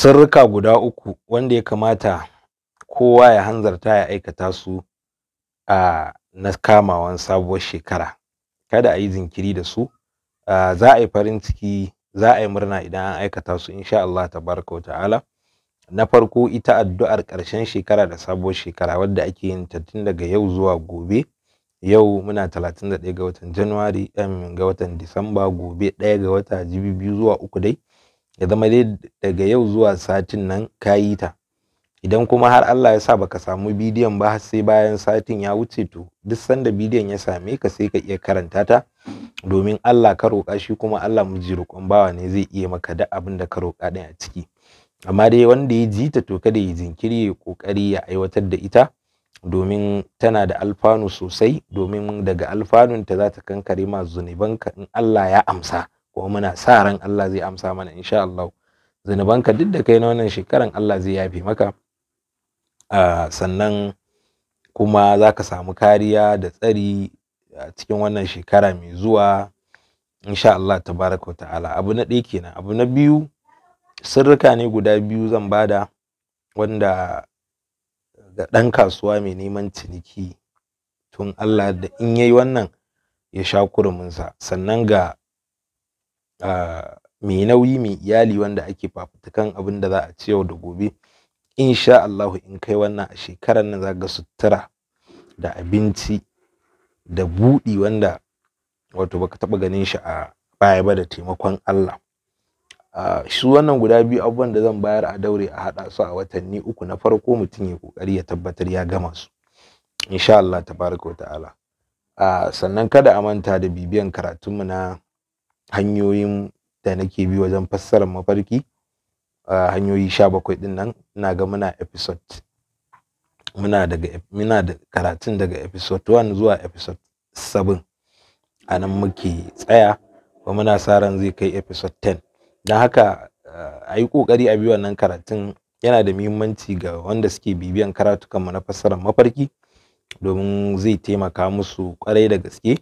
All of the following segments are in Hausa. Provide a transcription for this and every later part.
sirrika guda uku wanda ya kamata kowa ya hanzarta ya aikata su a na kamawan sabuwar shekara kada a yi zinkiri da su za a yi farin ciki za a yi murna idan an aikata su insha Allah tabaraka wa ta'ala na farko ita addu'ar ƙarshen shekara da sabuwar shekara wadda ake yin ta tun daga yau zuwa gobe yau muna 31 ga watan January ga watan Disamba gobe 1 ga wata jibi biyu zuwa uku dai ya zama dai daga yau zuwa satin nan ka yi ta idan kuma har Allah ya sa baka samu bidiyon ba har sai bayan satin ya wuce to duk sanda bidiyon ya same ka sai ka iya karanta ta domin Allah ka roƙa shi kuma Allah miji roƙon bawa ne zai iya maka da abin da ka roka din a ciki amma dai wanda ya ji ta to kada ya jinkiri ya kokari ya aiwatar da ita domin tana da alfanu sosai domin daga alfanun ta za ta kankare ma zunubanka in Allah ya amsa kuma muna sa ran Allah zai amsa mana insha Allah zunubanka duk da kai na wannan shekaran Allah zai yafe maka ah, sannan kuma za ka samu kariya da tsari a ah, cikin wannan shekara mai zuwa insha Allah tabaraka ta'ala abu na ɗaya kenan abu na biyu sirrika ne guda biyu zan bada wanda ga ɗan kasuwa mai neman ciniki tun Allah da in yayi wannan ya sha kuruminsa sannan ga mai nauyi mai iyali wanda ake fafutukan abin da za a ci yau da gobe insha Allah in kai wannan a shekarar nan za ga sutura da abinci da buɗi wanda wato baka taɓa ganin shi a baya ba da taimakon Allah shi wannan guda biyu abubuwan da zan bayar a daure a haɗa su a watanni uku na farko mutum ya ƙoƙari ya tabbatar ya gama su insha Allah tabaraka wa ta'ala sannan kada a manta da bibiyan karatunmu na hanyoyin da nake bi wajen fassarar mafarki uh, hanyoyi sha bakwai ɗinnan nan ina ga muna episode muna daga muna da karatun daga episode 1 zuwa episode 7 a nan muke tsaya ba muna sa ran zai kai episode 10 don haka uh, a ƙoƙari a bi wannan karatun yana da muhimmanci ga wanda suke bibiyan karatukanmu na fassarar mafarki domin zai taimaka musu kwarai da gaske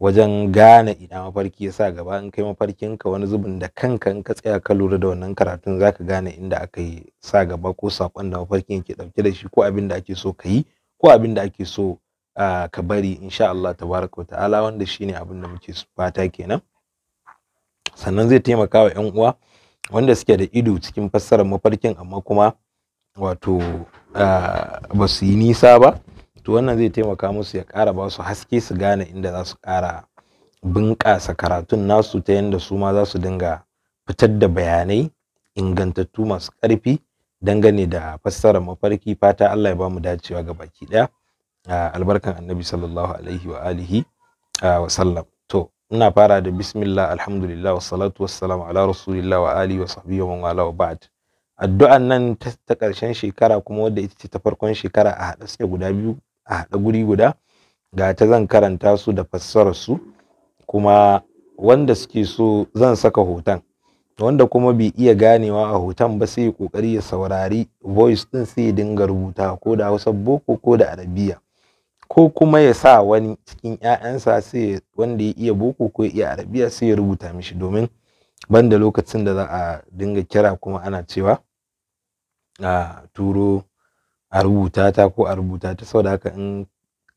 wajen gane ina mafarki ya sa gaba in kai mafarkin ka wani zubin da kanka in ka tsaya ka lura da wannan karatun zaka gane inda aka yi sa gaba ko sakon da mafarkin yake dauke da shi ko abin da ake so ka yi ko abin da ake so ka bari insha Allah tabaraka ta'ala wanda shine abin da muke fata kenan sannan zai taimaka wa 'yan uwa wanda suke da ido cikin fassarar mafarkin amma kuma wato ba su yi nisa ba to wannan zai taimaka musu ya ƙara ba su haske su gane inda za su ƙara bunƙasa karatun nasu ta yadda su ma za su dinga fitar da bayanai ingantattu masu ƙarfi dangane da fassara, mafarki fata Allah ya ba mu dacewa ga baki ɗaya albarkan annabi sallallahu alaihi wa alihi wa sallam to ina fara da bismillah alhamdulillah wassalatu wassalamu ala rasulillah wa alihi wa sahbihi wa wala wa ba'd addu'an nan ta ƙarshen shekara kuma wadda ita ce ta farkon shekara a haɗa sai guda biyu a haɗa guri guda ga ta zan karanta su da fassarar su kuma wanda suke so zan saka hoton wanda kuma bai iya ganewa a hoton ba sai kokari ya saurari voice din sai ya dinga rubuta ko da Hausa boko ko da Arabiya ko kuma ya sa wani cikin ƴaƴansa sai wanda ya iya boko ko ya iya Arabiya sai ya rubuta mishi domin banda lokacin da za a dinga kira kuma ana cewa a turo a rubuta ta ko a rubuta ta saboda haka in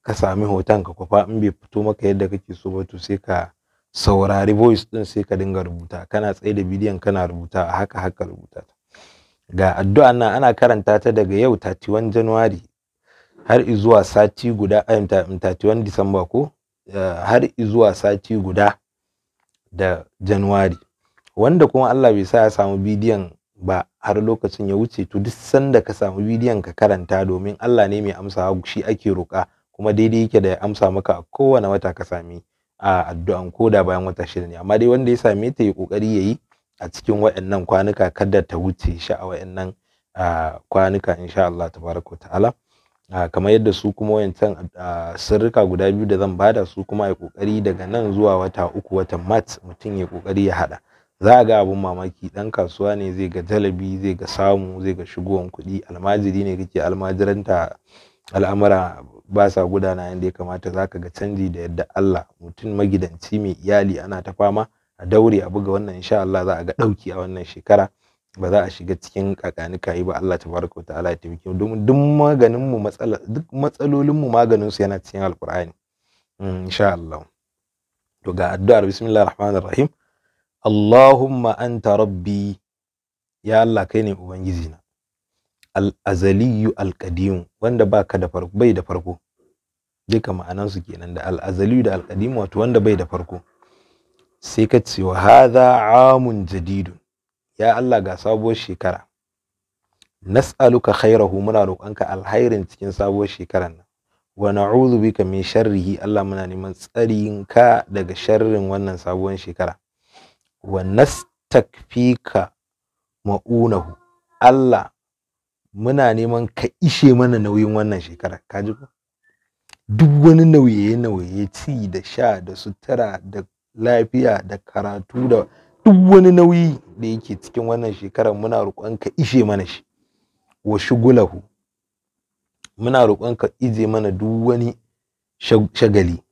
ka sami hoton ka kwafa in bai fito maka yadda kake so ba to sai ka saurari voice din sai ka dinga rubuta kana tsaye da bidiyon kana rubuta a haka haka rubuta ta ga addu'a nan ana karanta ta daga yau 31 January har zuwa sati guda 31 Disamba ko har zuwa sati guda da January wanda kuma Allah bai sa ya samu bidiyon ba har lokacin ya wuce to duk sanda ka samu bidiyon ka karanta domin Allah ne mai amsawa shi ake roƙa kuma daidai yake da ya amsa maka a kowane wata ka sami a addu'an ko da bayan wata shida ne amma dai wanda ya same ta ya kokari yayi a cikin waɗannan kwanuka kada ta wuce shi a waɗannan kwanuka insha Allah tabaraka ta'ala kamar yadda su kuma wayancan sirrika guda biyu da zan bada su kuma ya kokari daga nan zuwa wata uku watan mat mutum ya kokari ya hada za a ga abun mamaki dan kasuwa ne zai ga jalabi zai ga samu zai ga shigowan kuɗi almajiri ne kake almajiranta al'amura ba sa gudana yadda ya kamata za ka ga canji da yadda Allah mutum magidanci mai iyali ana ta fama a daure a buga wannan insha Allah za a ga ɗauki a wannan shekara ba za a shiga cikin kakanika yi ba Allah tabaraka wa ta'ala ya taimake mu domin duk maganin mu matsala duk matsalolin mu maganin su yana cikin alqur'ani hmm, insha Allah to ga addu'ar bismillahir rahmanir rahim Allahumma anta rabbi ya Allah kai ne ubangiji na al-azaliyyu al-qadim wanda baka da bai da farko duka ma'anan su kenan da al-azaliyyu da al-qadim wato wanda bai da farko sai ka ce wa hadha amun jadidun ya Allah ga sabuwar shekara nas'aluka khairahu muna roƙonka alhairin cikin sabuwar shekarar nan wa na'udhu bika min sharrihi Allah muna neman ka daga sharrin wannan sabuwar shekara wa nastakfika ma'unahu Allah muna neman ka ishe mana nauyin wannan shekara ka ji ko duk wani nauye nauye ci da sha da sutura da lafiya da karatu da duk wani nauyi da yake cikin wannan shekara muna roƙon ka ishe mana shi wa shugulahu muna roƙon ka ije mana duk wani shagali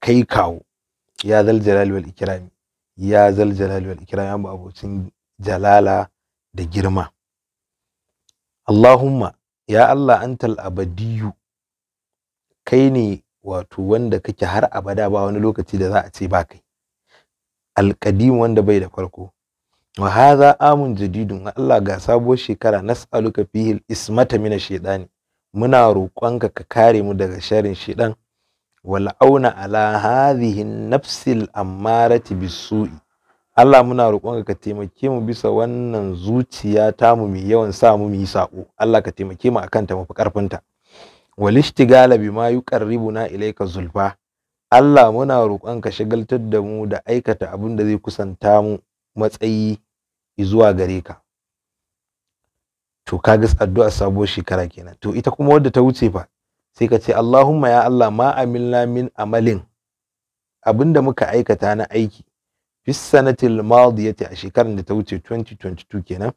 kai kawo ya zal wal ikrami ya zal jalali wal ikram ya abocin jalala da girma Allahumma ya Allah antal abadiyu kai ne wato wanda kake har abada ba wani lokaci da za a ce ba kai alqadim wanda bai da farko wa hadha amun jadidun Allah ga sabuwar shekara nas'aluka fihi al ismata min ash-shaytani muna roƙonka ka kare mu daga sharin shaidan wal'auna ala hadhihi nafsil ammarati bisu'i Allah muna roƙonka ka taimake mu bisa wannan zuciya ta mu mai yawan sa mu yi sako Allah ka taimake mu akan ta mafi karfinta walishtigala bima yuqarribuna ilayka zulfa Allah muna ka shagaltar da mu da aikata abin da zai kusanta mu matsayi zuwa gare ka to kaga addu'a sabuwar shekara kenan to ita kuma wadda ta wuce fa sai ka ce Allahumma ya Allah ma amilna min amalin abinda muka aikata na aiki fi sanatil madiyati a shekarar da ta wuce 2022 kenan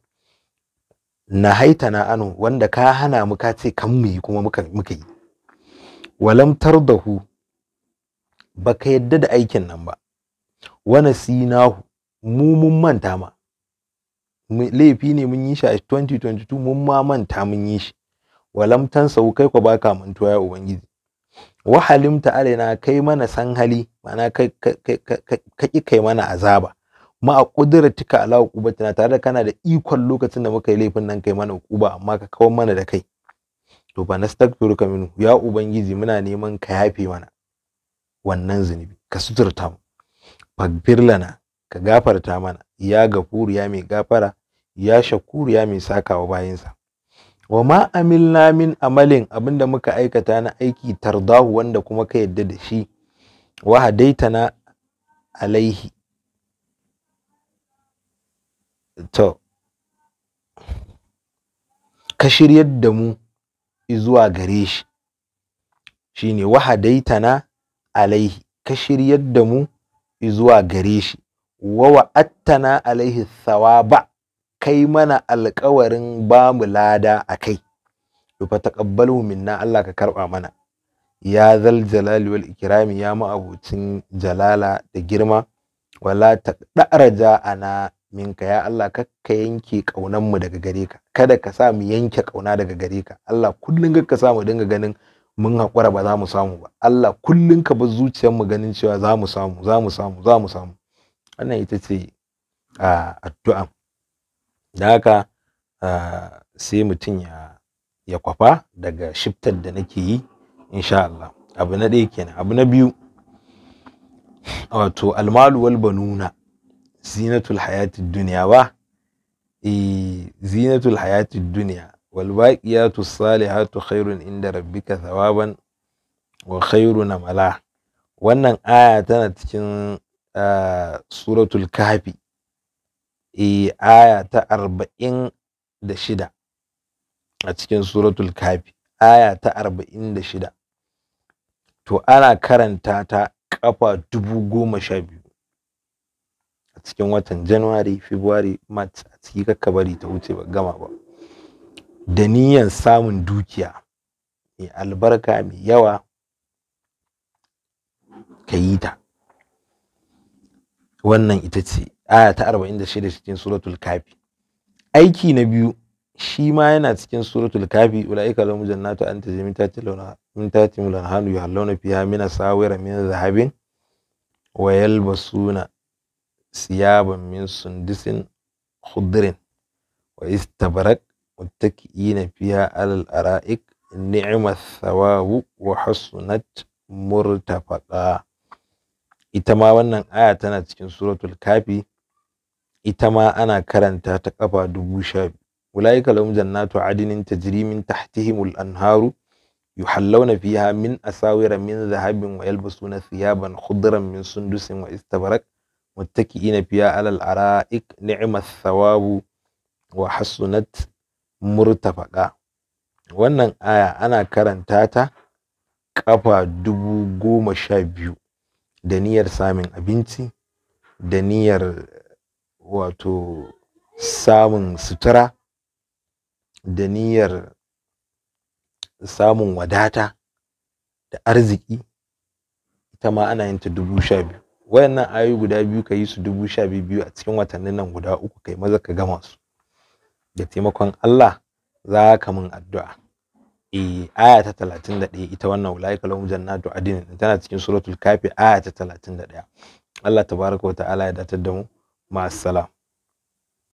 na haita na anu wanda ka hana mu ka ce kan mu yi kuma muka muka yi walam tardahu baka yadda da aikin nan ba wana sinahu mu mun manta ma laifi ne mun yi shi a 2022 mun ma manta mun yi shi walam sa kai ku baka mantuwa ya ubangiji wa halimta alaina kai mana san hali mana kai kai kai mana azaba ma a kudratika ala uqubatina tare da kana da ikon lokacin da muka yi laifin nan kai mana uquba amma ka kawo mana da kai to ba nastaghfiruka minu ya ubangiji muna neman ka yafe mana wannan zunubi ka suturta mu faghfir lana ka gafarta mana ya gafuru ya mai gafara ya shakuru ya mai sakawa bayinsa wa ma amilna min amalin abinda muka aikata na aiki tardahu wanda kuma ka yadda da shi wa hadaitana alaihi to ka shiryar da mu zuwa gare shi shine wa hadaitana alaihi ka shiryar da mu zuwa gare shi wa wa'attana alaihi thawaba kai mana alƙawarin ba mu lada a kai fa taqabbalu minna Allah ka karɓa mana ya zal jalali wal ikrami ya ma'abucin jalala da girma wala ta daraja ana minka ya Allah kakka yanke kaunan mu daga gare ka kada ka sa mu yanke ƙauna daga gare ka Allah kullun ka sa mu dinga ganin mun hakura ba za mu samu ba Allah kullun ka bar zuciyar mu ganin cewa za mu samu za mu samu za mu samu wannan ita ce ah, addu'a da haka ah, sai mutum ya ya kwafa daga shiftar da nake yi insha Allah abu na ɗaya kenan abu na biyu wato almalu wal banuna zinatul hayatid dunya ba e zinatul hayatid dunya wal baqiyatu salihatu khairun inda rabbika thawaban wa khairu namala wannan aya tana cikin ah, suratul kahfi e aya ta arba'in da shida a cikin suratul kafi aya ta arba'in da shida to ana karanta ta kafa dubu goma sha biyu a cikin watan january february march a ciki kakka bari ta wuce ba gama ba da niyan samun dukiya mai albarka mai yawa ka yi ta wannan ita ce aya ta 46 cikin suratul kafi aiki na biyu shi ma yana cikin suratul kafi ulaika lahum jannatu an tajri min tahtiha min tahtiha al-anharu yuhallawna fiha min asawira min dhahabin wa yalbasuna siyaban min sundusin khudrin wa istabarak muttaki'ina fiha alal ara'ik ni'mat thawabu wa hasunat murtafaqa ita ma wannan aya tana cikin suratul kafi ita ma ana karanta ta kafa dubu sha biyu ulaika lahum jannatu adinin tajri min tahtihimul anharu yuhallawna fiha min asawira min zahabin wa yalbasuna thiyaban khudran min sundusin wa istabarak muttaki'ina fiha alal ara'ik ni'mat thawabu wa hasunat murtafaqa wannan aya ana karanta ta kafa dubu goma sha biyu da niyyar samun abinci da niyyar wato samun sutura da niyyar samun wadata da arziki ita ma ana yin ta dubu sha biyu wayannan ayoyi guda biyu ka yi su dubu sha biyu biyu a cikin watannin nan guda uku kai maza ka gama su da taimakon Allah za ka min addu'a eh aya ta 31 ita wannan ulaika lahum jannatu adin tana cikin suratul kafi aya ta 31 Allah tabaraka wa ta'ala ya datar da mu Ma'assalam.